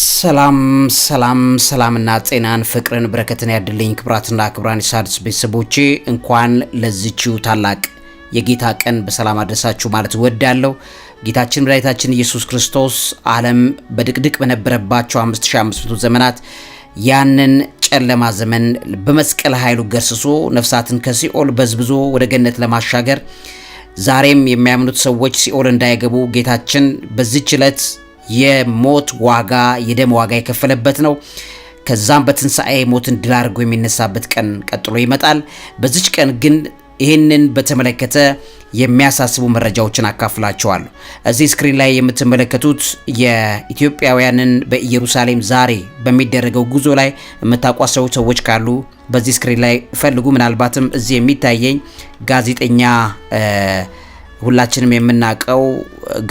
ሰላም ሰላም ሰላምና ጤናን ፍቅርን በረከትን ያድልኝ ክብራትና ክብራን የሣድስ ቤተሰቦቼ እንኳን ለዚችው ታላቅ የጌታ ቀን በሰላም አድረሳችሁ ማለት እወዳለሁ። ጌታችን መድኃኒታችን ኢየሱስ ክርስቶስ ዓለም በድቅድቅ በነበረባቸው 5500 ዘመናት ያንን ጨለማ ዘመን በመስቀል ኃይሉ ገርስሶ ነፍሳትን ከሲኦል በዝብዞ ወደ ገነት ለማሻገር ዛሬም የሚያምኑት ሰዎች ሲኦል እንዳይገቡ ጌታችን በዚች ዕለት የሞት ዋጋ የደም ዋጋ የከፈለበት ነው። ከዛም በትንሣኤ ሞትን ድል አድርጎ የሚነሳበት ቀን ቀጥሎ ይመጣል። በዚች ቀን ግን ይህንን በተመለከተ የሚያሳስቡ መረጃዎችን አካፍላቸዋለሁ። እዚህ ስክሪን ላይ የምትመለከቱት የኢትዮጵያውያንን በኢየሩሳሌም ዛሬ በሚደረገው ጉዞ ላይ የምታቋሰው ሰዎች ካሉ በዚህ ስክሪን ላይ ፈልጉ። ምናልባትም እዚህ የሚታየኝ ጋዜጠኛ ሁላችንም የምናውቀው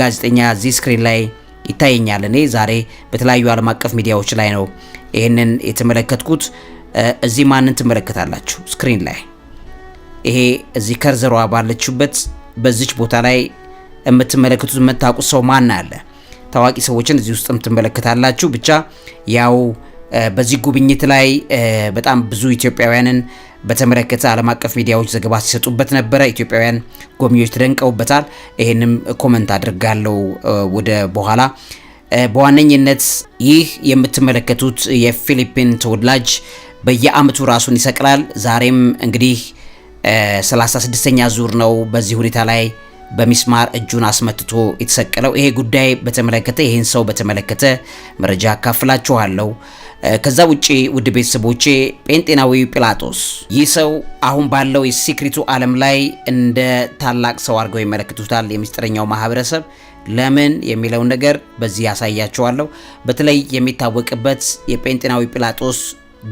ጋዜጠኛ እዚህ ስክሪን ላይ ይታየኛል። እኔ ዛሬ በተለያዩ ዓለም አቀፍ ሚዲያዎች ላይ ነው ይህንን የተመለከትኩት። እዚህ ማንን ትመለከታላችሁ? ስክሪን ላይ ይሄ እዚህ ከርዘሯ ባለችበት በዚች ቦታ ላይ የምትመለከቱት የምታውቁት ሰው ማን አለ? ታዋቂ ሰዎችን እዚህ ውስጥም ትመለከታላችሁ። ብቻ ያው በዚህ ጉብኝት ላይ በጣም ብዙ ኢትዮጵያውያንን በተመለከተ ዓለም አቀፍ ሚዲያዎች ዘገባ ሲሰጡበት ነበረ። ኢትዮጵያውያን ጎብኚዎች ተደንቀውበታል። ይህንም ኮመንት አድርጋለሁ ወደ በኋላ። በዋነኝነት ይህ የምትመለከቱት የፊሊፒን ተወላጅ በየአመቱ ራሱን ይሰቅላል። ዛሬም እንግዲህ 36ኛ ዙር ነው በዚህ ሁኔታ ላይ በሚስማር እጁን አስመትቶ የተሰቀለው። ይሄ ጉዳይ በተመለከተ ይህን ሰው በተመለከተ መረጃ አካፍላችኋለሁ። ከዛ ውጪ ውድ ቤተሰቦቼ ጴንጤናዊ ጲላጦስ ይህ ሰው አሁን ባለው የሲክሪቱ ዓለም ላይ እንደ ታላቅ ሰው አድርገው ይመለክቱታል። የሚስጥረኛው ማህበረሰብ ለምን የሚለውን ነገር በዚህ ያሳያቸዋለሁ። በተለይ የሚታወቅበት የጴንጤናዊ ጲላጦስ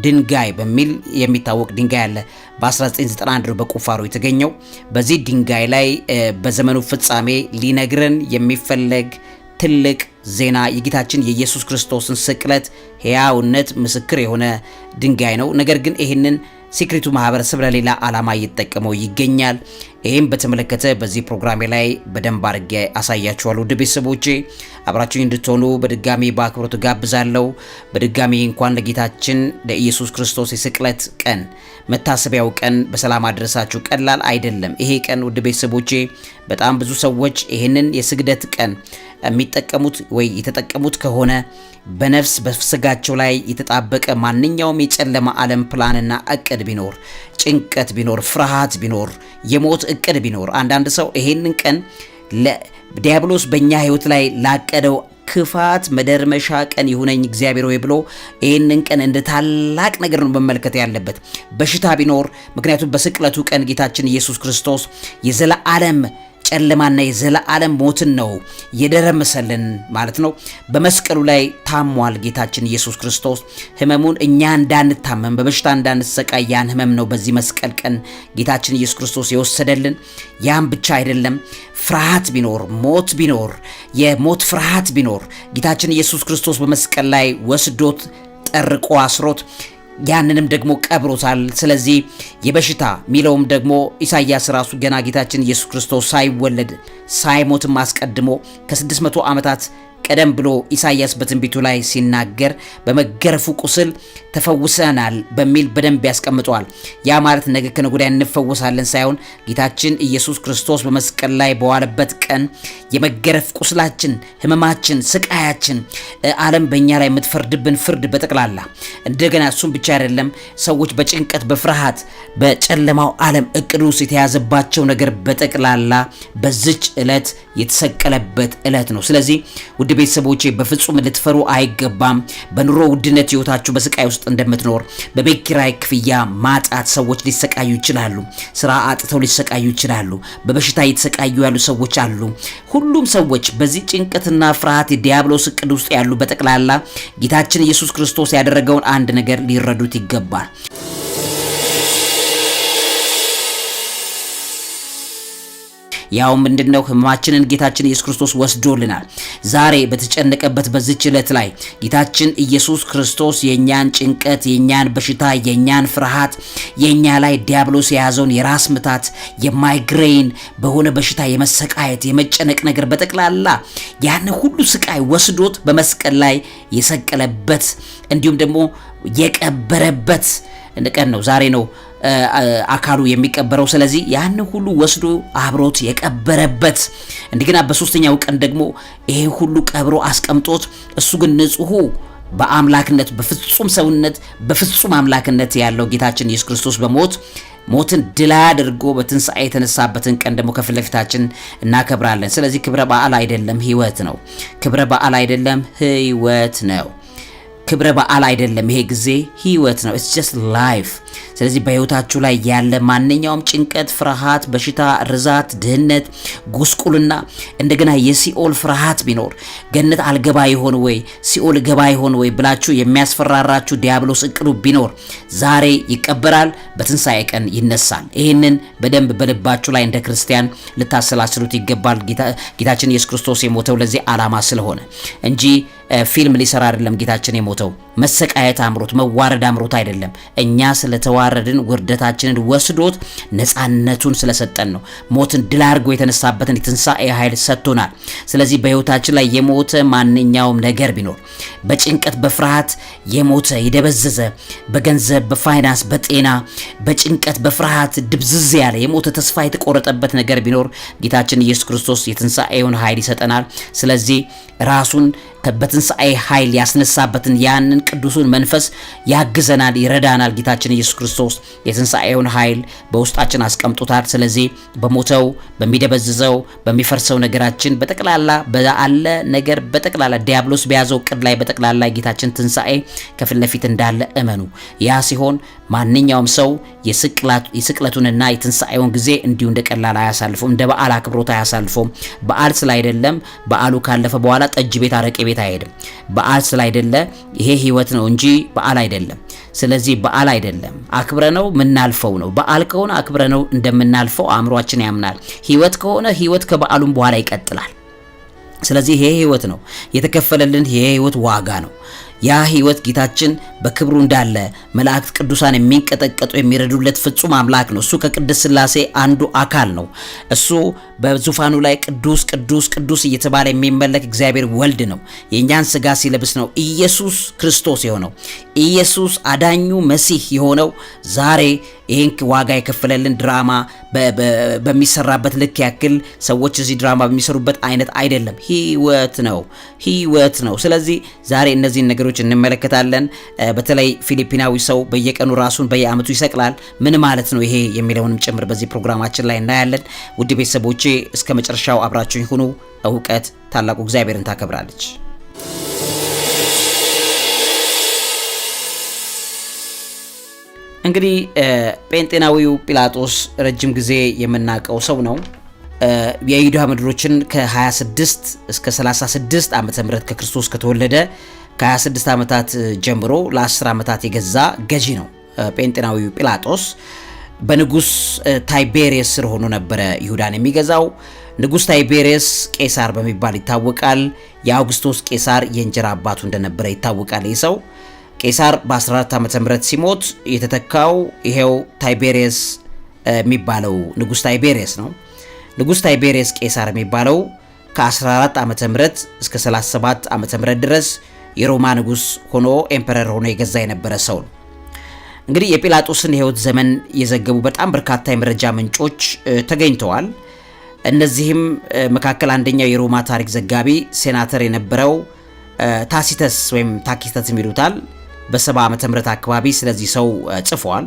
ድንጋይ በሚል የሚታወቅ ድንጋይ አለ። በ1991 በቁፋሮ የተገኘው። በዚህ ድንጋይ ላይ በዘመኑ ፍጻሜ ሊነግረን የሚፈለግ ትልቅ ዜና የጌታችን የኢየሱስ ክርስቶስን ስቅለት ሕያውነት ምስክር የሆነ ድንጋይ ነው። ነገር ግን ይህንን ሴክሬቱ ማህበረሰብ ለሌላ ዓላማ እየተጠቀመው ይገኛል። ይህም በተመለከተ በዚህ ፕሮግራሜ ላይ በደንብ አድርጌ አሳያችኋለሁ። ውድ ቤተሰቦቼ አብራችሁኝ እንድትሆኑ በድጋሚ በአክብሮት ጋብዛለሁ። በድጋሚ እንኳን ለጌታችን ለኢየሱስ ክርስቶስ የስቅለት ቀን መታሰቢያው ቀን በሰላም አድረሳችሁ። ቀላል አይደለም ይሄ ቀን ውድ ቤተሰቦቼ። በጣም ብዙ ሰዎች ይህንን የስግደት ቀን የሚጠቀሙት ወይ የተጠቀሙት ከሆነ በነፍስ በስጋቸው ላይ የተጣበቀ ማንኛውም የጨለማ ዓለም ፕላንና እቅድ ቢኖር፣ ጭንቀት ቢኖር፣ ፍርሃት ቢኖር፣ የሞት እቅድ ቢኖር አንዳንድ ሰው ይሄንን ቀን ዲያብሎስ በእኛ ህይወት ላይ ላቀደው ክፋት መደርመሻ ቀን ይሁነኝ እግዚአብሔር ወይ ብሎ ይህንን ቀን እንደ ታላቅ ነገር ነው መመልከት ያለበት። በሽታ ቢኖር ምክንያቱም በስቅለቱ ቀን ጌታችን ኢየሱስ ክርስቶስ የዘላለም ጨለማና የዘላለም ሞትን ነው የደረመሰልን ማለት ነው። በመስቀሉ ላይ ታሟል ጌታችን ኢየሱስ ክርስቶስ ህመሙን እኛ እንዳንታመም በበሽታ እንዳንሰቃይ ያን ህመም ነው በዚህ መስቀል ቀን ጌታችን ኢየሱስ ክርስቶስ የወሰደልን። ያን ብቻ አይደለም። ፍርሃት ቢኖር ሞት ቢኖር የሞት ፍርሃት ቢኖር ጌታችን ኢየሱስ ክርስቶስ በመስቀል ላይ ወስዶት ጠርቆ አስሮት ያንንም ደግሞ ቀብሮታል። ስለዚህ የበሽታ ሚለውም ደግሞ ኢሳይያስ ራሱ ገና ጌታችን ኢየሱስ ክርስቶስ ሳይወለድ ሳይሞትም አስቀድሞ ከ600 ዓመታት ቀደም ብሎ ኢሳያስ በትንቢቱ ላይ ሲናገር በመገረፉ ቁስል ተፈውሰናል በሚል በደንብ ያስቀምጠዋል። ያ ማለት ነገ ከነገ ወዲያ እንፈወሳለን ሳይሆን ጌታችን ኢየሱስ ክርስቶስ በመስቀል ላይ በዋለበት ቀን የመገረፍ ቁስላችን፣ ህመማችን ስቃያችን፣ ዓለም በእኛ ላይ የምትፈርድብን ፍርድ በጠቅላላ እንደገና እሱም ብቻ አይደለም ሰዎች በጭንቀት በፍርሃት በጨለማው ዓለም እቅድ ውስጥ የተያዘባቸው ነገር በጠቅላላ በዝች ዕለት የተሰቀለበት ዕለት ነው። ስለዚህ ውድ ቤተሰቦቼ በፍጹም ልትፈሩ አይገባም። በኑሮ ውድነት ህይወታችሁ በስቃይ ውስጥ እንደምትኖር፣ በቤት ኪራይ ክፍያ ማጣት ሰዎች ሊሰቃዩ ይችላሉ። ስራ አጥተው ሊሰቃዩ ይችላሉ። በበሽታ እየተሰቃዩ ያሉ ሰዎች አሉ። ሁሉም ሰዎች በዚህ ጭንቀትና ፍርሃት የዲያብሎስ እቅድ ውስጥ ያሉ በጠቅላላ ጌታችን ኢየሱስ ክርስቶስ ያደረገውን አንድ ነገር ሊረዱት ይገባል። ያው ምንድነው ህመማችንን ጌታችን ኢየሱስ ክርስቶስ ወስዶልናል። ዛሬ በተጨነቀበት በዚች ዕለት ላይ ጌታችን ኢየሱስ ክርስቶስ የኛን ጭንቀት፣ የኛን በሽታ፣ የኛን ፍርሃት፣ የኛ ላይ ዲያብሎስ የያዘውን የራስ ምታት፣ የማይግሬን በሆነ በሽታ የመሰቃየት የመጨነቅ ነገር በጠቅላላ ያን ሁሉ ስቃይ ወስዶት በመስቀል ላይ የሰቀለበት እንዲሁም ደግሞ የቀበረበት ቀን ነው ዛሬ ነው አካሉ የሚቀበረው። ስለዚህ ያን ሁሉ ወስዶ አብሮት የቀበረበት እንደገና በሶስተኛው ቀን ደግሞ ይሄ ሁሉ ቀብሮ አስቀምጦት እሱ ግን ንጹሑ በአምላክነት በፍጹም ሰውነት በፍጹም አምላክነት ያለው ጌታችን ኢየሱስ ክርስቶስ በሞት ሞትን ድል አድርጎ በትንሣኤ የተነሳበትን ቀን ደግሞ ከፊት ለፊታችን እናከብራለን። ስለዚህ ክብረ በዓል አይደለም፣ ህይወት ነው። ክብረ በዓል አይደለም፣ ህይወት ነው። ክብረ በዓል አይደለም። ይሄ ጊዜ ህይወት ነው። ኢትስ ጀስት ላይፍ። ስለዚህ በህይወታችሁ ላይ ያለ ማንኛውም ጭንቀት፣ ፍርሃት፣ በሽታ፣ ርዛት፣ ድህነት፣ ጉስቁልና እንደገና የሲኦል ፍርሃት ቢኖር ገነት አልገባ ይሆን ወይ ሲኦል ገባ ይሆን ወይ ብላችሁ የሚያስፈራራችሁ ዲያብሎስ እቅዱ ቢኖር ዛሬ ይቀበራል፣ በትንሣኤ ቀን ይነሳል። ይህንን በደንብ በልባችሁ ላይ እንደ ክርስቲያን ልታሰላስሉት ይገባል። ጌታችን ኢየሱስ ክርስቶስ የሞተው ለዚህ ዓላማ ስለሆነ እንጂ ፊልም ሊሰራ አይደለም ጌታችን የሞተው መሰቃየት አምሮት መዋረድ አምሮት አይደለም። እኛ ስለተዋረድን ውርደታችንን ወስዶት ነፃነቱን ስለሰጠን ነው። ሞትን ድል አድርጎ የተነሳበትን የትንሣኤ ኃይል ሰጥቶናል። ስለዚህ በሕይወታችን ላይ የሞተ ማንኛውም ነገር ቢኖር በጭንቀት በፍርሃት የሞተ የደበዘዘ በገንዘብ በፋይናንስ በጤና በጭንቀት በፍርሃት ድብዝዝ ያለ የሞተ ተስፋ የተቆረጠበት ነገር ቢኖር ጌታችን ኢየሱስ ክርስቶስ የትንሣኤውን ኃይል ይሰጠናል። ስለዚህ ራሱን በትንሣኤ ኃይል ያስነሳበትን ያንን ቅዱሱን መንፈስ ያግዘናል፣ ይረዳናል። ጌታችን ኢየሱስ ክርስቶስ የትንሣኤውን ኃይል በውስጣችን አስቀምጦታል። ስለዚህ በሞተው በሚደበዝዘው በሚፈርሰው ነገራችን በጠቅላላ በአለ ነገር በጠቅላላ ዲያብሎስ በያዘው ቅድ ላይ በጠቅላላ ጌታችን ትንሣኤ ከፊት ለፊት እንዳለ እመኑ። ያ ሲሆን ማንኛውም ሰው የስቅለቱንና የትንሣኤውን ጊዜ እንዲሁ እንደ ቀላል አያሳልፎም፣ እንደ በዓል አክብሮት አያሳልፎም። በዓል ስላይደለም በዓሉ ካለፈ በኋላ ጠጅ ቤት አረቄ ቤት አይሄድም። በዓል ስላይደለ ይሄ ህይወት ነው እንጂ በዓል አይደለም። ስለዚህ በዓል አይደለም፣ አክብረ ነው የምናልፈው ነው። በዓል ከሆነ አክብረ ነው እንደምናልፈው አእምሯችን ያምናል። ህይወት ከሆነ ህይወት ከበዓሉም በኋላ ይቀጥላል። ስለዚህ ይሄ ህይወት ነው የተከፈለልን፣ ይሄ ህይወት ዋጋ ነው። ያ ህይወት ጌታችን በክብሩ እንዳለ መላእክት ቅዱሳን የሚንቀጠቀጡ የሚረዱለት ፍጹም አምላክ ነው። እሱ ከቅድስ ስላሴ አንዱ አካል ነው። እሱ በዙፋኑ ላይ ቅዱስ ቅዱስ ቅዱስ እየተባለ የሚመለክ እግዚአብሔር ወልድ ነው። የእኛን ስጋ ሲለብስ ነው ኢየሱስ ክርስቶስ የሆነው ኢየሱስ አዳኙ መሲህ የሆነው ዛሬ ይህን ዋጋ የከፈለልን ድራማ በሚሰራበት ልክ ያክል ሰዎች እዚህ ድራማ በሚሰሩበት አይነት አይደለም። ህይወት ነው፣ ህይወት ነው። ስለዚህ ዛሬ እነዚህን ነገሮች ነገሮች እንመለከታለን። በተለይ ፊሊፒናዊ ሰው በየቀኑ ራሱን በየአመቱ ይሰቅላል። ምን ማለት ነው ይሄ የሚለውንም ጭምር በዚህ ፕሮግራማችን ላይ እናያለን። ውድ ቤተሰቦቼ እስከ መጨረሻው አብራችሁ ይሁኑ። እውቀት ታላቁ እግዚአብሔርን ታከብራለች። እንግዲህ ጴንጤናዊው ጲላጦስ ረጅም ጊዜ የምናውቀው ሰው ነው። የይሁዳ ምድሮችን ከ26 እስከ 36 ዓመተ ምህረት ከክርስቶስ ከተወለደ ከ26 ዓመታት ጀምሮ ለ10 ዓመታት የገዛ ገዢ ነው። ጴንጤናዊው ጲላጦስ በንጉስ ታይቤሪየስ ስር ሆኖ ነበረ ይሁዳን የሚገዛው። ንጉስ ታይቤሪየስ ቄሳር በሚባል ይታወቃል። የአውግስቶስ ቄሳር የእንጀራ አባቱ እንደነበረ ይታወቃል። ይህ ሰው ቄሳር በ14 ዓ ምህረት ሲሞት የተተካው ይሄው ታይቤሪየስ የሚባለው ንጉስ ታይቤሪየስ ነው። ንጉስ ታይቤሪየስ ቄሳር የሚባለው ከ14 ዓ ምህረት እስከ 37 ዓ ምህረት ድረስ የሮማ ንጉስ ሆኖ ኤምፐረር ሆኖ የገዛ የነበረ ሰው ነው። እንግዲህ የጲላጦስን የህይወት ዘመን የዘገቡ በጣም በርካታ የመረጃ ምንጮች ተገኝተዋል። እነዚህም መካከል አንደኛው የሮማ ታሪክ ዘጋቢ ሴናተር የነበረው ታሲተስ ወይም ታኪተስ ይሉታል በሰባ ዓመተ ምህረት አካባቢ ስለዚህ ሰው ጽፏል።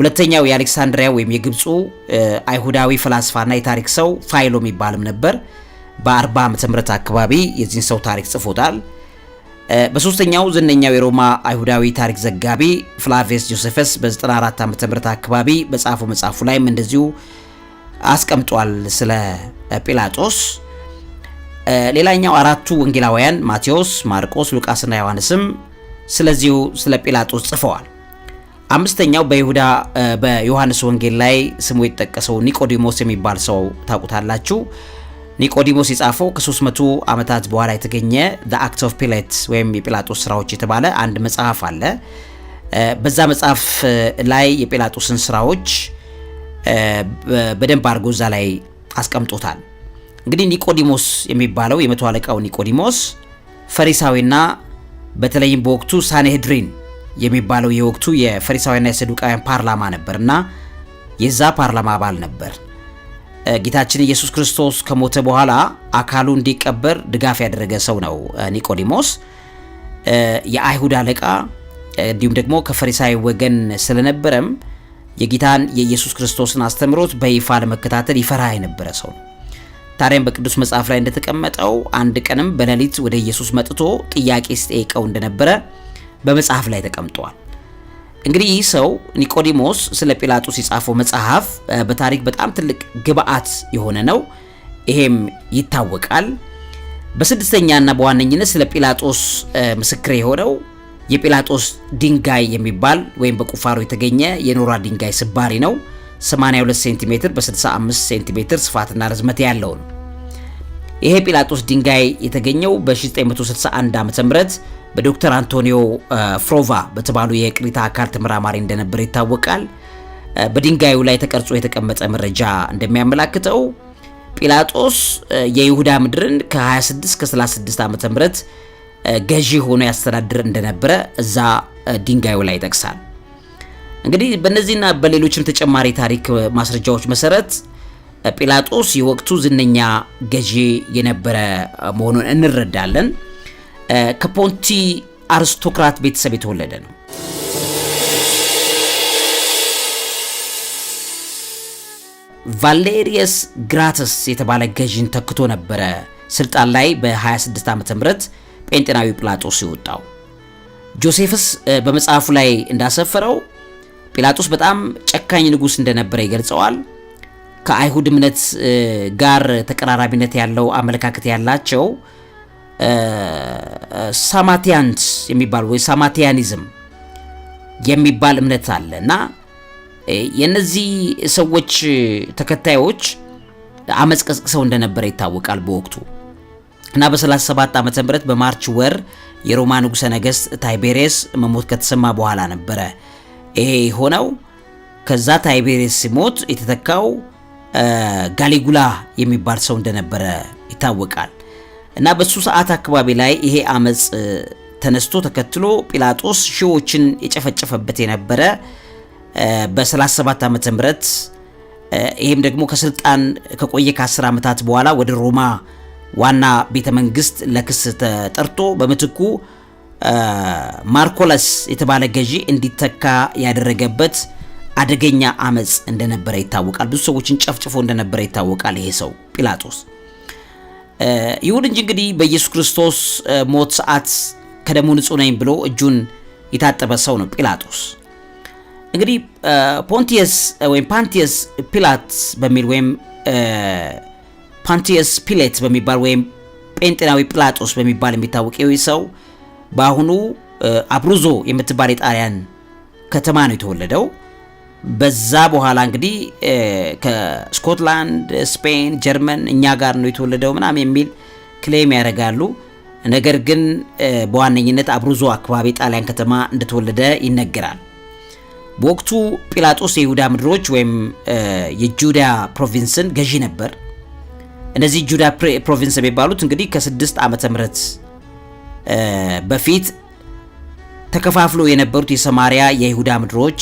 ሁለተኛው የአሌክሳንድሪያ ወይም የግብፁ አይሁዳዊ ፈላስፋና የታሪክ ሰው ፋይሎ የሚባልም ነበር። በ40 ዓመተ ምህረት አካባቢ የዚህን ሰው ታሪክ ጽፎታል። በሶስተኛው ዝነኛው የሮማ አይሁዳዊ ታሪክ ዘጋቢ ፍላቪየስ ጆሴፈስ በ94 ዓመተ ምህረት አካባቢ በጻፈው መጽሐፉ ላይም እንደዚሁ አስቀምጧል ስለ ጲላጦስ። ሌላኛው አራቱ ወንጌላውያን ማቴዎስ፣ ማርቆስ፣ ሉቃስና ዮሐንስም ስለዚሁ ስለ ጲላጦስ ጽፈዋል። አምስተኛው በይሁዳ በዮሐንስ ወንጌል ላይ ስሙ የተጠቀሰው ኒቆዲሞስ የሚባል ሰው ታውቁታላችሁ። ኒቆዲሞስ የጻፈው ከ300 ዓመታት በኋላ የተገኘ ዘ አክት ኦፍ ፒላት ወይም የጲላጦስ ስራዎች የተባለ አንድ መጽሐፍ አለ። በዛ መጽሐፍ ላይ የጲላጦስን ስራዎች በደንብ አድርጎ እዛ ላይ አስቀምጦታል። እንግዲህ ኒቆዲሞስ የሚባለው የመቶ አለቃው ኒቆዲሞስ ፈሪሳዊና በተለይም በወቅቱ ሳንሄድሪን የሚባለው የወቅቱ የፈሪሳዊና የሰዱቃውያን ፓርላማ ነበርና የዛ ፓርላማ አባል ነበር። ጌታችን ኢየሱስ ክርስቶስ ከሞተ በኋላ አካሉ እንዲቀበር ድጋፍ ያደረገ ሰው ነው ኒቆዲሞስ። የአይሁድ አለቃ እንዲሁም ደግሞ ከፈሪሳዊ ወገን ስለነበረም የጌታን የኢየሱስ ክርስቶስን አስተምሮት በይፋ ለመከታተል ይፈራ የነበረ ሰው ነው። ታዲያም በቅዱስ መጽሐፍ ላይ እንደተቀመጠው አንድ ቀንም በሌሊት ወደ ኢየሱስ መጥቶ ጥያቄ ሲጠይቀው እንደነበረ በመጽሐፍ ላይ ተቀምጧል። እንግዲህ ይህ ሰው ኒቆዲሞስ ስለ ጲላጦስ የጻፈው መጽሐፍ በታሪክ በጣም ትልቅ ግብአት የሆነ ነው። ይሄም ይታወቃል። በስድስተኛና በዋነኝነት ስለ ጲላጦስ ምስክር የሆነው የጲላጦስ ድንጋይ የሚባል ወይም በቁፋሮ የተገኘ የኖራ ድንጋይ ስባሪ ነው። 82 ሴንቲሜትር በ65 ሴንቲሜትር ስፋትና ርዝመት ያለው ነው። ይሄ ጲላጦስ ድንጋይ የተገኘው በ961 ዓ ም በዶክተር አንቶኒዮ ፍሮቫ በተባሉ የቅሪታ አካል ተመራማሪ እንደነበረ ይታወቃል። በድንጋዩ ላይ ተቀርጾ የተቀመጠ መረጃ እንደሚያመላክተው ጲላጦስ የይሁዳ ምድርን ከ26 እስከ 36 ዓመተ ምህረት ገዢ ሆኖ ያስተዳድር እንደነበረ እዛ ድንጋዩ ላይ ይጠቅሳል። እንግዲህ በእነዚህና በሌሎችም ተጨማሪ ታሪክ ማስረጃዎች መሰረት ጲላጦስ የወቅቱ ዝነኛ ገዢ የነበረ መሆኑን እንረዳለን። ከፖንቲ አርስቶክራት ቤተሰብ የተወለደ ነው። ቫሌሪየስ ግራተስ የተባለ ገዥን ተክቶ ነበረ ስልጣን ላይ በ26 ዓመተ ምህረት ጴንጤናዊ ጲላጦስ የወጣው። ጆሴፍስ በመጽሐፉ ላይ እንዳሰፈረው ጲላጦስ በጣም ጨካኝ ንጉሥ እንደነበረ ይገልጸዋል። ከአይሁድ እምነት ጋር ተቀራራቢነት ያለው አመለካከት ያላቸው ሳማቲያንስ የሚባል ወይ ሳማቲያኒዝም የሚባል እምነት አለ እና የነዚህ ሰዎች ተከታዮች አመፅ ቀስቅሰው እንደነበረ ይታወቃል በወቅቱ እና በ37 ዓመተ ምህረት በማርች ወር የሮማ ንጉሠ ነገሥት ታይቤሬስ መሞት ከተሰማ በኋላ ነበረ ይሄ ሆነው። ከዛ ታይቤሬስ ሲሞት የተተካው ጋሊጉላ የሚባል ሰው እንደነበረ ይታወቃል። እና በሱ ሰዓት አካባቢ ላይ ይሄ አመፅ ተነስቶ ተከትሎ ጲላጦስ ሺዎችን የጨፈጨፈበት የነበረ በ37 ዓመተ ምህረት ይህም ደግሞ ከስልጣን ከቆየ ከ10 ዓመታት በኋላ ወደ ሮማ ዋና ቤተ መንግስት ለክስ ተጠርቶ በምትኩ ማርኮለስ የተባለ ገዢ እንዲተካ ያደረገበት አደገኛ አመፅ እንደነበረ ይታወቃል። ብዙ ሰዎችን ጨፍጭፎ እንደነበረ ይታወቃል። ይሄ ሰው ጲላጦስ ይሁን እንጂ እንግዲህ በኢየሱስ ክርስቶስ ሞት ሰዓት ከደሙ ንጹሕ ነኝ ብሎ እጁን የታጠበ ሰው ነው ጲላጦስ። እንግዲህ ፖንቲየስ ወይም ፓንቲየስ ፒላት በሚል ወይም ፓንቲየስ ፒሌት በሚባል ወይም ጴንጤናዊ ጲላጦስ በሚባል የሚታወቅ ይህ ሰው በአሁኑ አብሩዞ የምትባል የጣሊያን ከተማ ነው የተወለደው። በዛ በኋላ እንግዲህ ከስኮትላንድ፣ ስፔን፣ ጀርመን እኛ ጋር ነው የተወለደው ምናምን የሚል ክሌም ያደርጋሉ። ነገር ግን በዋነኝነት አብሩዞ አካባቢ ጣሊያን ከተማ እንደተወለደ ይነገራል። በወቅቱ ጲላጦስ የይሁዳ ምድሮች ወይም የጁዳ ፕሮቪንስን ገዢ ነበር። እነዚህ ጁዳ ፕሮቪንስ የሚባሉት እንግዲህ ከስድስት ዓመተ ምህረት በፊት ተከፋፍሎ የነበሩት የሰማሪያ የይሁዳ ምድሮች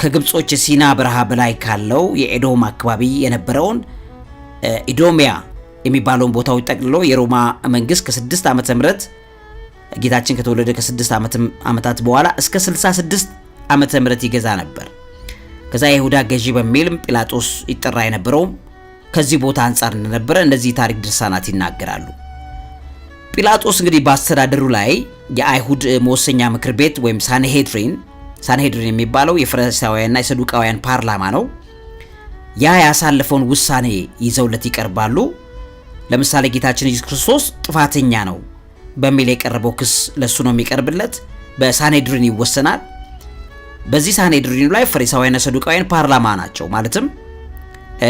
ከግብጾች የሲና በረሃ በላይ ካለው የኤዶም አካባቢ የነበረውን ኢዶሚያ የሚባለውን ቦታዎች ጠቅልሎ የሮማ መንግስት ከ6 ዓመተ ምህረት ጌታችን ከተወለደ ከ6 ዓመታት በኋላ እስከ 66 ዓመተ ምህረት ይገዛ ነበር። ከዛ የይሁዳ ገዢ በሚልም ጲላጦስ ይጠራ የነበረውም ከዚህ ቦታ አንጻር እንደነበረ እነዚህ ታሪክ ድርሳናት ይናገራሉ። ጲላጦስ እንግዲህ በአስተዳደሩ ላይ የአይሁድ መወሰኛ ምክር ቤት ወይም ሳንሄድሪን ሳንሄድሪን የሚባለው የፈሪሳውያንና የሰዱቃውያን ፓርላማ ነው። ያ ያሳለፈውን ውሳኔ ይዘውለት ይቀርባሉ። ለምሳሌ ጌታችን ኢየሱስ ክርስቶስ ጥፋተኛ ነው በሚል የቀረበው ክስ ለሱ ነው የሚቀርብለት፣ በሳንሄድሪን ይወሰናል። በዚህ ሳንሄድሪኑ ላይ ፈሪሳውያንና ሰዱቃውያን ፓርላማ ናቸው። ማለትም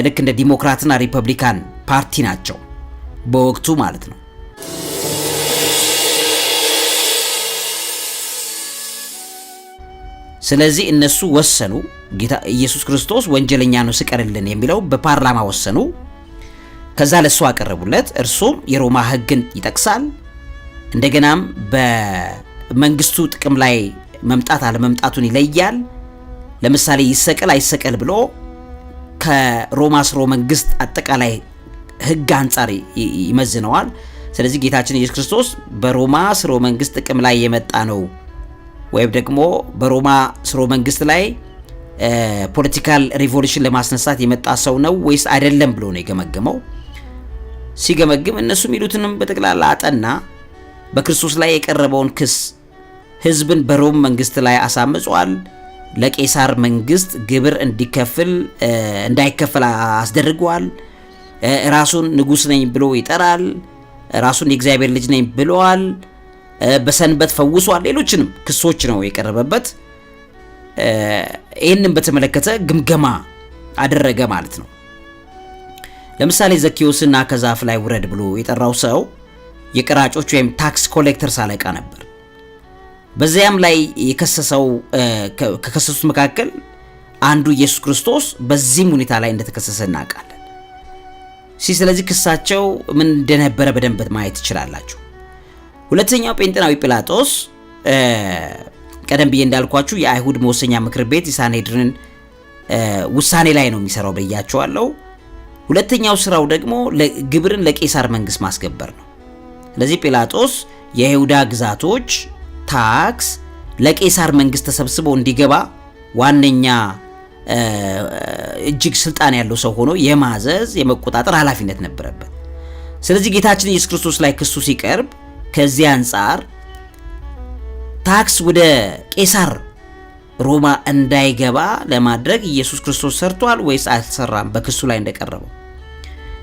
ልክ እንደ ዲሞክራትና ሪፐብሊካን ፓርቲ ናቸው በወቅቱ ማለት ነው። ስለዚህ እነሱ ወሰኑ። ጌታ ኢየሱስ ክርስቶስ ወንጀለኛ ነው ስቀርልን የሚለው በፓርላማ ወሰኑ። ከዛ ለሱ አቀረቡለት። እርሱም የሮማ ሕግን ይጠቅሳል። እንደገናም በመንግስቱ ጥቅም ላይ መምጣት አለመምጣቱን ይለያል። ለምሳሌ ይሰቀል አይሰቀል ብሎ ከሮማ ስርወ መንግስት አጠቃላይ ሕግ አንጻር ይመዝነዋል። ስለዚህ ጌታችን ኢየሱስ ክርስቶስ በሮማ ስርወ መንግስት ጥቅም ላይ የመጣ ነው ወይም ደግሞ በሮማ ስሮ መንግስት ላይ ፖለቲካል ሪቮሉሽን ለማስነሳት የመጣ ሰው ነው ወይስ አይደለም ብሎ ነው የገመገመው። ሲገመግም እነሱ የሚሉትንም በጠቅላላ አጠና። በክርስቶስ ላይ የቀረበውን ክስ ህዝብን በሮም መንግስት ላይ አሳምጿል፣ ለቄሳር መንግስት ግብር እንዲከፍል እንዳይከፈል አስደርጓል፣ ራሱን ንጉስ ነኝ ብሎ ይጠራል፣ ራሱን የእግዚአብሔር ልጅ ነኝ ብለዋል። በሰንበት ፈውሷል፣ ሌሎችንም ክሶች ነው የቀረበበት። ይህንን በተመለከተ ግምገማ አደረገ ማለት ነው። ለምሳሌ ዘኪዎስና ከዛፍ ላይ ውረድ ብሎ የጠራው ሰው የቀራጮች ወይም ታክስ ኮሌክተርስ አለቃ ነበር። በዚያም ላይ የከሰሰው ከከሰሱት መካከል አንዱ ኢየሱስ ክርስቶስ በዚህም ሁኔታ ላይ እንደተከሰሰ እናውቃለን። ስለዚህ ክሳቸው ምን እንደነበረ በደንብ ማየት ትችላላችሁ። ሁለተኛው ጴንጤናዊ ጲላጦስ ቀደም ብዬ እንዳልኳችሁ የአይሁድ መወሰኛ ምክር ቤት የሳንሄድርን ውሳኔ ላይ ነው የሚሰራው ብያቸዋለሁ። ሁለተኛው ስራው ደግሞ ግብርን ለቄሳር መንግስት ማስገበር ነው። ስለዚህ ጲላጦስ የይሁዳ ግዛቶች ታክስ ለቄሳር መንግስት ተሰብስቦ እንዲገባ ዋነኛ እጅግ ስልጣን ያለው ሰው ሆኖ የማዘዝ የመቆጣጠር ኃላፊነት ነበረበት። ስለዚህ ጌታችን ኢየሱስ ክርስቶስ ላይ ክሱ ሲቀርብ ከዚህ አንጻር ታክስ ወደ ቄሳር ሮማ እንዳይገባ ለማድረግ ኢየሱስ ክርስቶስ ሰርቷል ወይስ አልሰራም? በክሱ ላይ እንደቀረበው።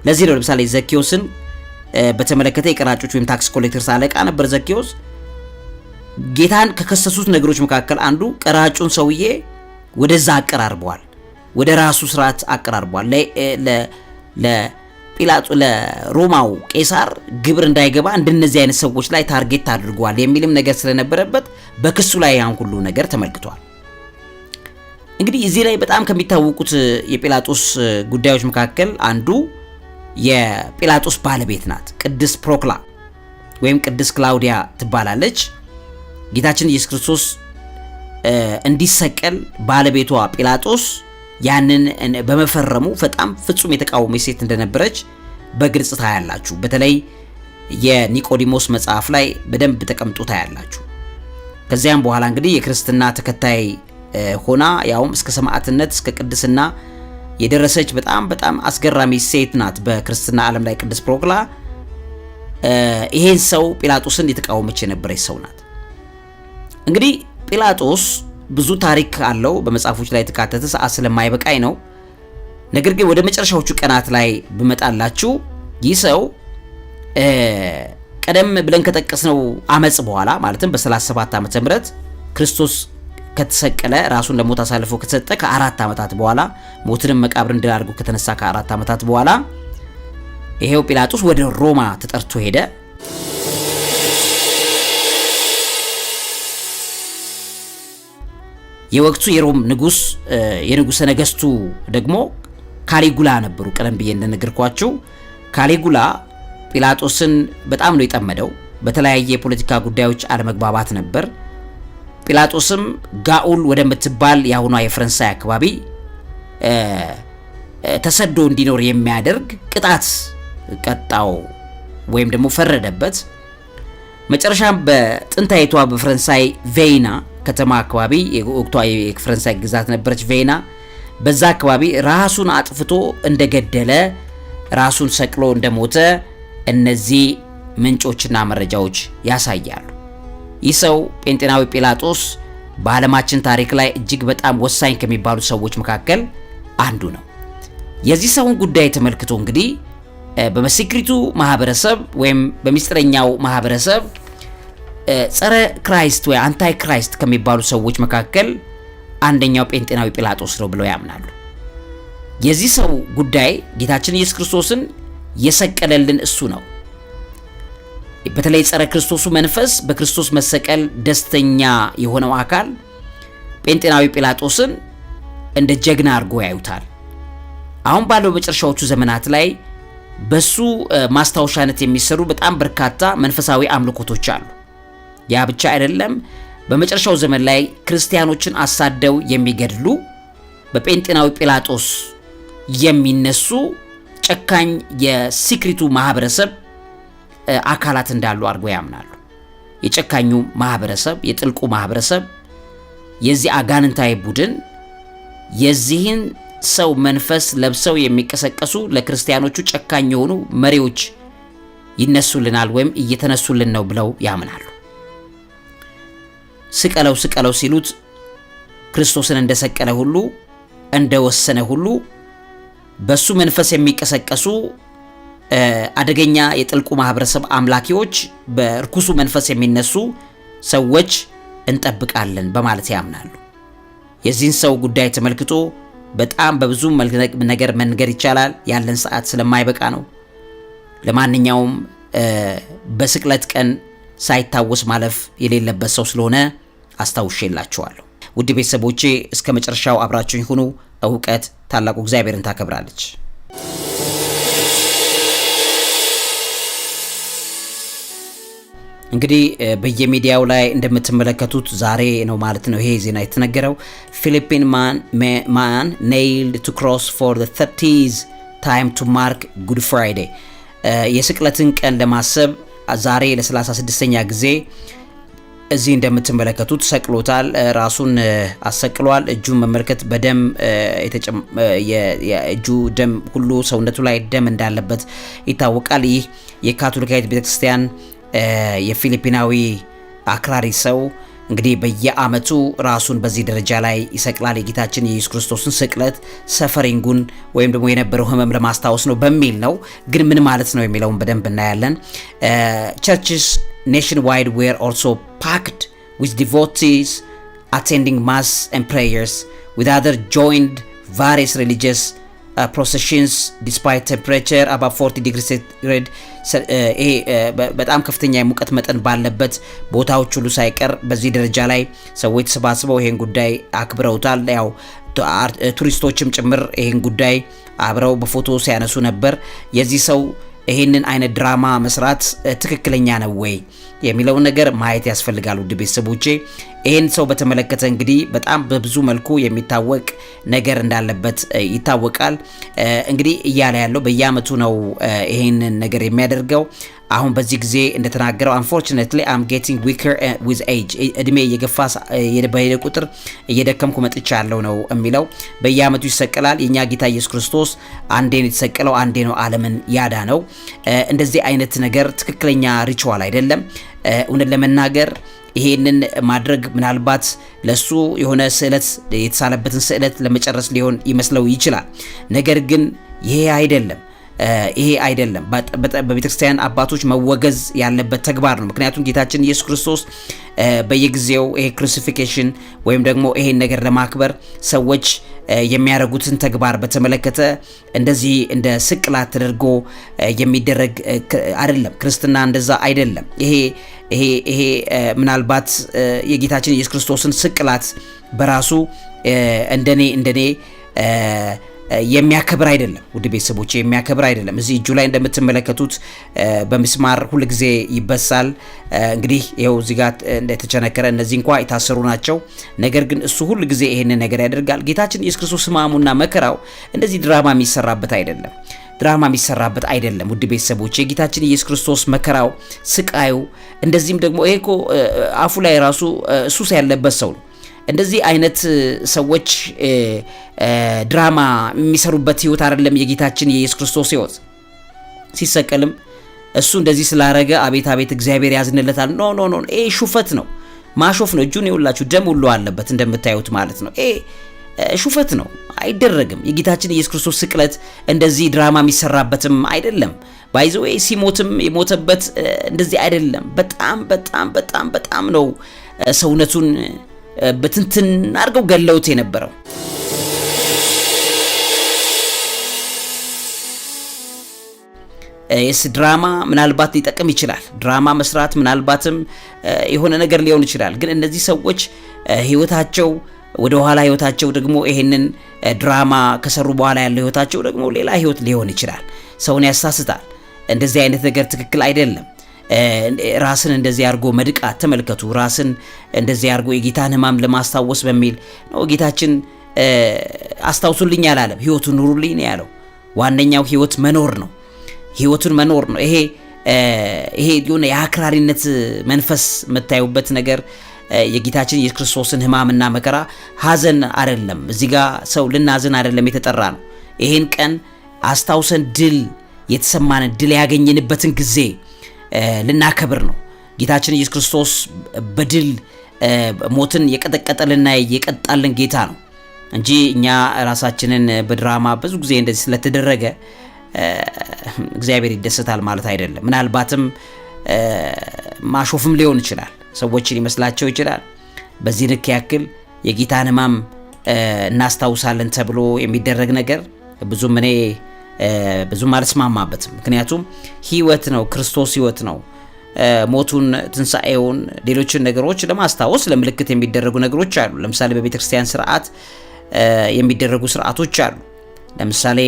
ለዚህ ነው ለምሳሌ ዘኪዎስን በተመለከተ የቀራጮች ወይም ታክስ ኮሌክተርስ አለቃ ነበር ዘኪዎስ። ጌታን ከከሰሱት ነገሮች መካከል አንዱ ቀራጩን ሰውዬ ወደዛ አቀራርበዋል፣ ወደ ራሱ ስርዓት አቀራርበዋል። ጲላጡ ለሮማው ቄሳር ግብር እንዳይገባ እንደነዚህ አይነት ሰዎች ላይ ታርጌት አድርጓል የሚልም ነገር ስለነበረበት በክሱ ላይ ያን ሁሉ ነገር ተመልክቷል። እንግዲህ እዚህ ላይ በጣም ከሚታወቁት የጲላጦስ ጉዳዮች መካከል አንዱ የጲላጦስ ባለቤት ናት፣ ቅድስት ፕሮክላ ወይም ቅድስት ክላውዲያ ትባላለች። ጌታችን ኢየሱስ ክርስቶስ እንዲሰቀል ባለቤቷ ጲላጦስ ያንን በመፈረሙ በጣም ፍጹም የተቃወመች ሴት እንደነበረች በግልጽ ታያላችሁ። በተለይ የኒቆዲሞስ መጽሐፍ ላይ በደንብ ተቀምጦ ታያላችሁ። ከዚያም በኋላ እንግዲህ የክርስትና ተከታይ ሆና ያውም እስከ ሰማዕትነት እስከ ቅድስና የደረሰች በጣም በጣም አስገራሚ ሴት ናት። በክርስትና ዓለም ላይ ቅድስት ፕሮክላ ይሄን ሰው ጲላጦስን የተቃወመች የነበረች ሰው ናት። እንግዲህ ጲላጦስ ብዙ ታሪክ አለው በመጽሐፎች ላይ የተካተተ ሰዓት ስለማይበቃኝ ነው። ነገር ግን ወደ መጨረሻዎቹ ቀናት ላይ ብመጣላችሁ ይህ ሰው ቀደም ብለን ከጠቀስነው አመፅ በኋላ ማለትም በ37 ዓመተ ምህረት ክርስቶስ ከተሰቀለ ራሱን ለሞት አሳልፎ ከተሰጠ ከአራት ዓመታት በኋላ ሞትንም መቃብርን ድል አድርጎ ከተነሳ ከአራት ዓመታት በኋላ ይሄው ጲላጦስ ወደ ሮማ ተጠርቶ ሄደ። የወቅቱ የሮም ንጉስ የንጉሰ ነገስቱ ደግሞ ካሊጉላ ነበሩ። ቀደም ብዬ እንደነገርኳችሁ ካሊጉላ ጲላጦስን በጣም ነው የጠመደው። በተለያየ የፖለቲካ ጉዳዮች አለመግባባት ነበር። ጲላጦስም ጋኡል ወደምትባል የአሁኗ የፈረንሳይ አካባቢ ተሰዶ እንዲኖር የሚያደርግ ቅጣት ቀጣው ወይም ደግሞ ፈረደበት። መጨረሻም በጥንታዊቷ በፈረንሳይ ቬይና ከተማ አካባቢ ወቅቷ የፈረንሳይ ግዛት ነበረች ቬና። በዛ አካባቢ ራሱን አጥፍቶ እንደገደለ ራሱን ሰቅሎ እንደሞተ እነዚህ ምንጮችና መረጃዎች ያሳያሉ። ይህ ሰው ጴንጤናዊ ጲላጦስ በዓለማችን ታሪክ ላይ እጅግ በጣም ወሳኝ ከሚባሉ ሰዎች መካከል አንዱ ነው። የዚህ ሰውን ጉዳይ ተመልክቶ እንግዲህ በመስክሪቱ ማህበረሰብ ወይም በሚስጥረኛው ማህበረሰብ ጸረ ክራይስት ወይ አንታይ ክራይስት ከሚባሉ ሰዎች መካከል አንደኛው ጴንጤናዊ ጲላጦስ ነው ብለው ያምናሉ። የዚህ ሰው ጉዳይ ጌታችን ኢየሱስ ክርስቶስን የሰቀለልን እሱ ነው። በተለይ ጸረ ክርስቶሱ መንፈስ በክርስቶስ መሰቀል ደስተኛ የሆነው አካል ጴንጤናዊ ጲላጦስን እንደ ጀግና አድርጎ ያዩታል። አሁን ባለው መጨረሻዎቹ ዘመናት ላይ በሱ ማስታወሻነት የሚሰሩ በጣም በርካታ መንፈሳዊ አምልኮቶች አሉ። ያ ብቻ አይደለም። በመጨረሻው ዘመን ላይ ክርስቲያኖችን አሳደው የሚገድሉ በጴንጤናዊ ጲላጦስ የሚነሱ ጨካኝ የሲክሪቱ ማህበረሰብ አካላት እንዳሉ አድርጎ ያምናሉ። የጨካኙ ማህበረሰብ፣ የጥልቁ ማህበረሰብ፣ የዚህ አጋንንታዊ ቡድን የዚህን ሰው መንፈስ ለብሰው የሚቀሰቀሱ ለክርስቲያኖቹ ጨካኝ የሆኑ መሪዎች ይነሱልናል ወይም እየተነሱልን ነው ብለው ያምናሉ። ስቀለው ስቀለው ሲሉት ክርስቶስን እንደሰቀለ ሁሉ እንደወሰነ ሁሉ በሱ መንፈስ የሚቀሰቀሱ አደገኛ የጥልቁ ማህበረሰብ አምላኪዎች በርኩሱ መንፈስ የሚነሱ ሰዎች እንጠብቃለን በማለት ያምናሉ። የዚህን ሰው ጉዳይ ተመልክቶ በጣም በብዙ ነገር መንገድ ይቻላል። ያለን ሰዓት ስለማይበቃ ነው። ለማንኛውም በስቅለት ቀን ሳይታወስ ማለፍ የሌለበት ሰው ስለሆነ አስታውሼላችኋለሁ። ውድ ቤተሰቦቼ እስከ መጨረሻው አብራችሁ ይሁኑ። እውቀት ታላቁ እግዚአብሔርን ታከብራለች። እንግዲህ በየሚዲያው ላይ እንደምትመለከቱት ዛሬ ነው ማለት ነው ይሄ ዜና የተነገረው። ፊሊፒን ማን ኔይልድ ቱ ክሮስ ፎር ተርቲዝ ታይም ቱ ማርክ ጉድ ፍራይዴ የስቅለትን ቀን ለማሰብ ዛሬ ለ36ኛ ጊዜ እዚህ እንደምትመለከቱት ሰቅሎታል። ራሱን አሰቅሏል። እጁን መመልከት በደም እጁ ደም ሁሉ ሰውነቱ ላይ ደም እንዳለበት ይታወቃል። ይህ የካቶሊካዊት ቤተክርስቲያን የፊሊፒናዊ አክራሪ ሰው እንግዲህ በየአመቱ ራሱን በዚህ ደረጃ ላይ ይሰቅላል። የጌታችን የኢየሱስ ክርስቶስን ስቅለት ሰፈሪንጉን ወይም ደግሞ የነበረው ህመም ለማስታወስ ነው በሚል ነው። ግን ምን ማለት ነው የሚለውን በደንብ እናያለን። ቸርችስ ኔሽን ዋይድ ዌር ኦልሶ ፓክድ ዊዝ ዲቮቲስ አቴንዲንግ ማስ ኤንድ ፕሬየርስ ዊዝ አዘር ጆይንድ ቫሪየስ ሪሊጂየስ Uh, processions despite temperature above 40 degrees ሴንቲግሬድ ይሄ uh, uh, በጣም ከፍተኛ የሙቀት መጠን ባለበት ቦታዎች ሁሉ ሳይቀር በዚህ ደረጃ ላይ ሰዎች ተሰባስበው ይሄን ጉዳይ አክብረውታል። ያው ቱሪስቶችም ጭምር ይሄን ጉዳይ አብረው በፎቶ ሲያነሱ ነበር። የዚህ ሰው ይሄንን አይነት ድራማ መስራት ትክክለኛ ነው ወይ የሚለውን ነገር ማየት ያስፈልጋል። ውድ ቤተሰቦቼ ይህን ሰው በተመለከተ እንግዲህ በጣም በብዙ መልኩ የሚታወቅ ነገር እንዳለበት ይታወቃል። እንግዲህ እያለ ያለው በየአመቱ ነው ይህንን ነገር የሚያደርገው። አሁን በዚህ ጊዜ እንደተናገረው አንፎርቹኔትሊ አም ጌቲንግ ዊከር ዊዝ ኤጅ እድሜ እየገፋ በሄደ ቁጥር እየደከምኩ መጥቻ ያለው ነው የሚለው። በየአመቱ ይሰቀላል። የእኛ ጌታ ኢየሱስ ክርስቶስ አንዴ ነው የተሰቀለው፣ አንዴ ነው ዓለምን ነው። እንደዚህ አይነት ነገር ትክክለኛ ሪችዋል አይደለም እውነት ለመናገር ይሄንን ማድረግ ምናልባት ለሱ የሆነ ስዕለት የተሳለበትን ስዕለት ለመጨረስ ሊሆን ይመስለው ይችላል። ነገር ግን ይሄ አይደለም። ይሄ አይደለም፣ በቤተክርስቲያን አባቶች መወገዝ ያለበት ተግባር ነው። ምክንያቱም ጌታችን ኢየሱስ ክርስቶስ በየጊዜው ይሄ ክሩሲፊኬሽን ወይም ደግሞ ይሄን ነገር ለማክበር ሰዎች የሚያደርጉትን ተግባር በተመለከተ እንደዚህ እንደ ስቅላት ተደርጎ የሚደረግ አይደለም። ክርስትና እንደዛ አይደለም። ይሄ ይሄ ይሄ ምናልባት የጌታችን ኢየሱስ ክርስቶስን ስቅላት በራሱ እንደኔ እንደኔ የሚያከብር አይደለም። ውድ ቤተሰቦች የሚያከብር አይደለም። እዚህ እጁ ላይ እንደምትመለከቱት በምስማር ሁልጊዜ ይበሳል። እንግዲህ ይኸው እዚህ ጋር እንደተቸነከረ እነዚህ እንኳ የታሰሩ ናቸው። ነገር ግን እሱ ሁልጊዜ ይህን ነገር ያደርጋል። ጌታችን ኢየሱስ ክርስቶስ ሕማሙና መከራው እንደዚህ ድራማ የሚሰራበት አይደለም ድራማ የሚሰራበት አይደለም። ውድ ቤተሰቦች የጌታችን ኢየሱስ ክርስቶስ መከራው፣ ስቃዩ እንደዚህም ደግሞ ይሄ እኮ አፉ ላይ ራሱ ሱስ ያለበት ሰው ነው እንደዚህ አይነት ሰዎች ድራማ የሚሰሩበት ህይወት አይደለም የጌታችን የኢየሱስ ክርስቶስ ህይወት። ሲሰቀልም እሱ እንደዚህ ስላረገ አቤት አቤት እግዚአብሔር ያዝንለታል። ኖ ኖ ኖ፣ ይሄ ሹፈት ነው፣ ማሾፍ ነው። እጁን ይውላችሁ ደም ሁሉ አለበት እንደምታዩት ማለት ነው። ይሄ ሹፈት ነው፣ አይደረግም። የጌታችን የኢየሱስ ክርስቶስ ስቅለት እንደዚህ ድራማ የሚሰራበትም አይደለም። ባይዘዌ ሲሞትም የሞተበት እንደዚህ አይደለም። በጣም በጣም በጣም በጣም ነው ሰውነቱን ብትንትን አድርገው ገለውት የነበረው። ስ ድራማ ምናልባት ሊጠቅም ይችላል። ድራማ መስራት ምናልባትም የሆነ ነገር ሊሆን ይችላል። ግን እነዚህ ሰዎች ህይወታቸው ወደ ኋላ ህይወታቸው ደግሞ ይሄንን ድራማ ከሰሩ በኋላ ያለው ህይወታቸው ደግሞ ሌላ ህይወት ሊሆን ይችላል። ሰውን ያሳስታል። እንደዚህ አይነት ነገር ትክክል አይደለም። ራስን እንደዚህ አድርጎ መድቃት ተመልከቱ። ራስን እንደዚህ አድርጎ የጌታን ሕማም ለማስታወስ በሚል ነው ጌታችን አስታውሱልኝ አላለም። ሕይወቱን ኑሩልኝ ነው ያለው። ዋነኛው ሕይወት መኖር ነው። ሕይወቱን መኖር ነው። ይሄ ይሄ የሆነ የአክራሪነት መንፈስ የምታዩበት ነገር የጌታችን የክርስቶስን ሕማምና መከራ ሀዘን አይደለም። እዚህ ጋር ሰው ልናዘን አይደለም የተጠራ ነው። ይሄን ቀን አስታውሰን ድል የተሰማንን ድል ያገኘንበትን ጊዜ ልናከብር ነው። ጌታችን ኢየሱስ ክርስቶስ በድል ሞትን የቀጠቀጠልና የቀጣልን ጌታ ነው እንጂ እኛ ራሳችንን በድራማ ብዙ ጊዜ እንደዚህ ስለተደረገ እግዚአብሔር ይደሰታል ማለት አይደለም። ምናልባትም ማሾፍም ሊሆን ይችላል፣ ሰዎችን ሊመስላቸው ይችላል። በዚህ ልክ ያክል የጌታን ሕማም እናስታውሳለን ተብሎ የሚደረግ ነገር ብዙም እኔ ብዙም አልስማማበትም። ምክንያቱም ህይወት ነው፣ ክርስቶስ ህይወት ነው። ሞቱን ትንሣኤውን፣ ሌሎችን ነገሮች ለማስታወስ ለምልክት የሚደረጉ ነገሮች አሉ። ለምሳሌ በቤተ ክርስቲያን ስርዓት የሚደረጉ ስርዓቶች አሉ። ለምሳሌ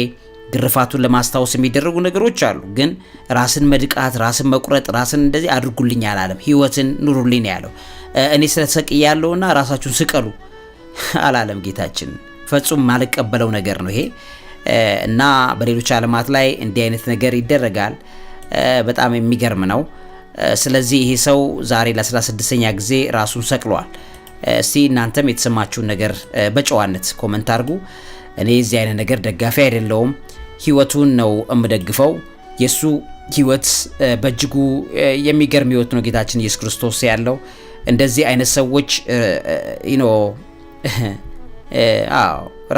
ግርፋቱን ለማስታወስ የሚደረጉ ነገሮች አሉ። ግን ራስን መድቃት፣ ራስን መቁረጥ፣ ራስን እንደዚህ አድርጉልኝ አላለም። ህይወትን ኑሩልኝ ያለው እኔ ስለተሰቅያለሁና ራሳችሁን ስቀሉ አላለም ጌታችን። ፈጹም ማልቀበለው ነገር ነው ይሄ። እና በሌሎች ዓለማት ላይ እንዲህ አይነት ነገር ይደረጋል። በጣም የሚገርም ነው። ስለዚህ ይሄ ሰው ዛሬ ለ16ኛ ጊዜ ራሱን ሰቅሏል። እስቲ እናንተም የተሰማችሁን ነገር በጨዋነት ኮመንት አድርጉ። እኔ የዚህ አይነት ነገር ደጋፊ አይደለውም። ህይወቱን ነው የምደግፈው። የእሱ ህይወት በእጅጉ የሚገርም ህይወት ነው። ጌታችን ኢየሱስ ክርስቶስ ያለው እንደዚህ አይነት ሰዎች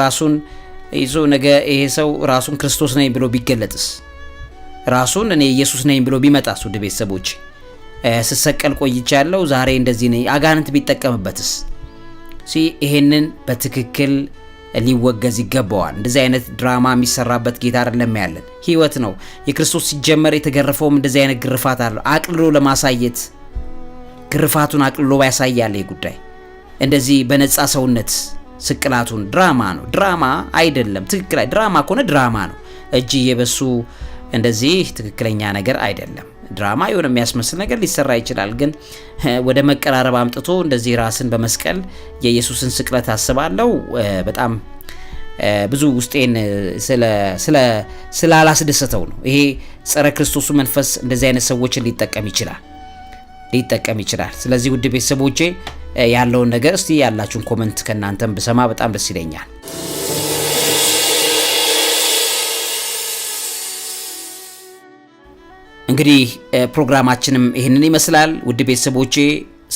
ራሱን ይዞ ነገ ይሄ ሰው ራሱን ክርስቶስ ነኝ ብሎ ቢገለጥስ ራሱን እኔ ኢየሱስ ነኝ ብሎ ቢመጣስ? ውድ ቤተሰቦች ስሰቀል ቆይቻለሁ፣ ዛሬ እንደዚህ ነኝ፣ አጋንንት ቢጠቀምበትስ? ሲ ይሄንን በትክክል ሊወገዝ ይገባዋል። እንደዚህ አይነት ድራማ የሚሰራበት ጌታ አይደለም ያለን፣ ህይወት ነው። የክርስቶስ ሲጀመር የተገረፈውም እንደዚህ አይነት ግርፋት አለው። አቅልሎ ለማሳየት ግርፋቱን አቅልሎ ያሳያል። ይህ ጉዳይ እንደዚህ በነፃ ሰውነት ስቅላቱን ድራማ ነው። ድራማ አይደለም። ትክክል ድራማ ከሆነ ድራማ ነው እጅ እየበሱ እንደዚህ ትክክለኛ ነገር አይደለም። ድራማ የሆነ የሚያስመስል ነገር ሊሰራ ይችላል፣ ግን ወደ መቀራረብ አምጥቶ እንደዚህ ራስን በመስቀል የኢየሱስን ስቅለት አስባለው በጣም ብዙ ውስጤን ስላላስደሰተው ነው። ይሄ ጸረ ክርስቶሱ መንፈስ እንደዚህ አይነት ሰዎችን ሊጠቀም ይችላል ሊጠቀም ይችላል። ስለዚህ ውድ ቤተሰቦቼ ያለውን ነገር እስቲ ያላችሁን ኮመንት ከእናንተም ብሰማ በጣም ደስ ይለኛል። እንግዲህ ፕሮግራማችንም ይህንን ይመስላል። ውድ ቤተሰቦቼ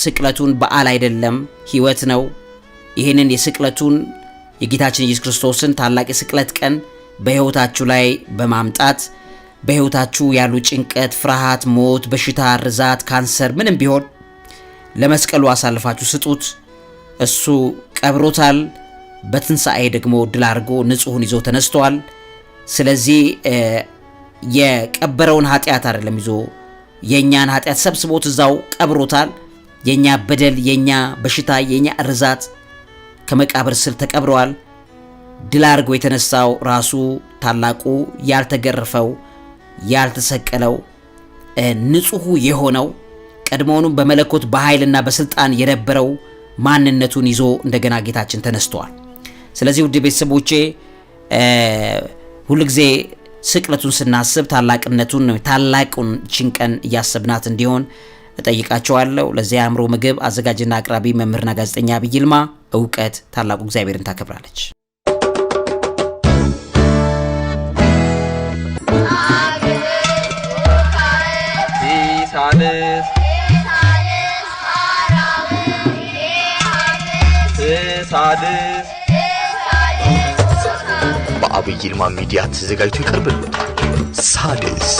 ስቅለቱን በዓል አይደለም ሕይወት ነው። ይህንን የስቅለቱን የጌታችን ኢየሱስ ክርስቶስን ታላቅ የስቅለት ቀን በሕይወታችሁ ላይ በማምጣት በሕይወታችሁ ያሉ ጭንቀት፣ ፍርሃት፣ ሞት፣ በሽታ፣ ርዛት፣ ካንሰር ምንም ቢሆን ለመስቀሉ አሳልፋችሁ ስጡት፣ እሱ ቀብሮታል። በትንሣኤ ደግሞ ድል አድርጎ ንጹሑን ይዞ ተነስተዋል። ስለዚህ የቀበረውን ኃጢአት አይደለም ይዞ የእኛን ኃጢአት ሰብስቦት እዛው ቀብሮታል። የእኛ በደል፣ የእኛ በሽታ፣ የእኛ እርዛት ከመቃብር ስር ተቀብረዋል። ድል አድርጎ የተነሳው ራሱ ታላቁ ያልተገረፈው ያልተሰቀለው ንጹሑ የሆነው ቀድሞውኑም በመለኮት በኃይልና በስልጣን የነበረው ማንነቱን ይዞ እንደገና ጌታችን ተነስተዋል። ስለዚህ ውድ ቤተሰቦቼ ሁልጊዜ ስቅለቱን ስናስብ ታላቅነቱን ታላቁን ችንቀን እያሰብናት እንዲሆን እጠይቃቸዋለሁ። ለዚያ አእምሮ ምግብ አዘጋጅና አቅራቢ መምህርና ጋዜጠኛ ዐቢይ ይልማ። እውቀት ታላቁ እግዚአብሔርን ታከብራለች። ሳድስ በአብይ ይልማ ሚዲያ ተዘጋጅቶ ይቀርብልታል። ሳድስ